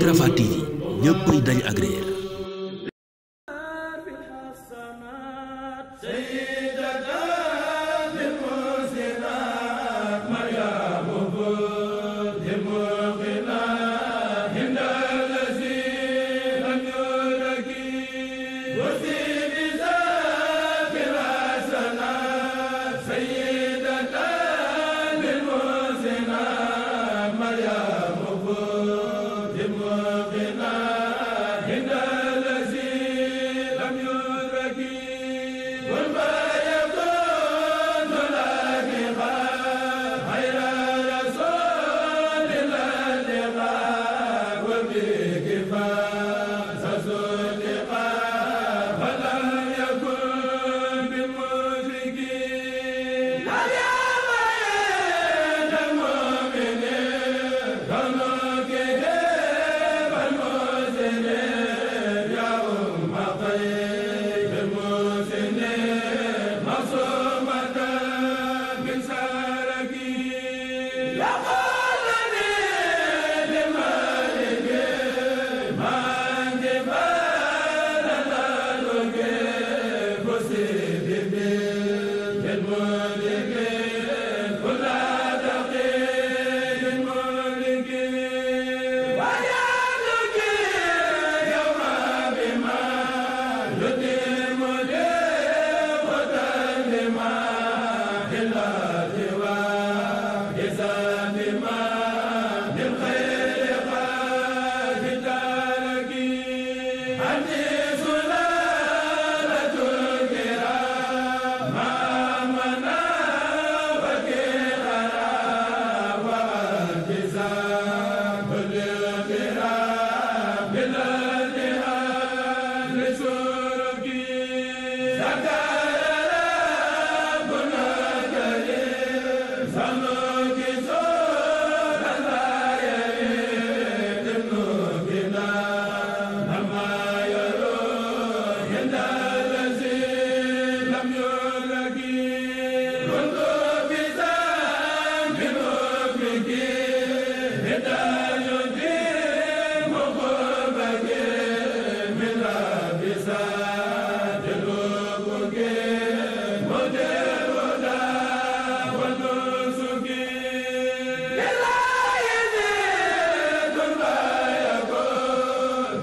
Rafah TV ñëppay dañ agréer Muhammad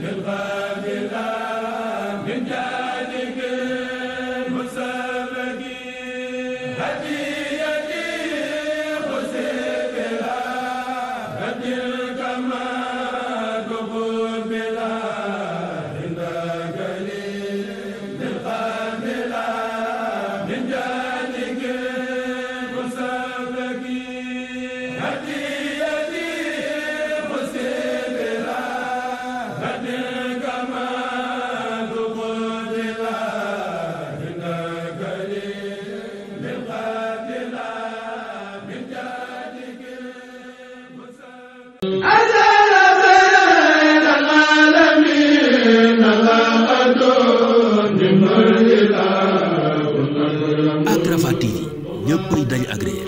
bil ñëppay dañ agréé